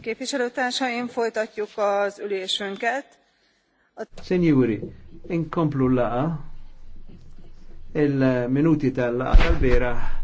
Képviselőtársaim, folytatjuk az ülésünket. Signori, inkomplu laqa il-minuti tal-laqa tal-bera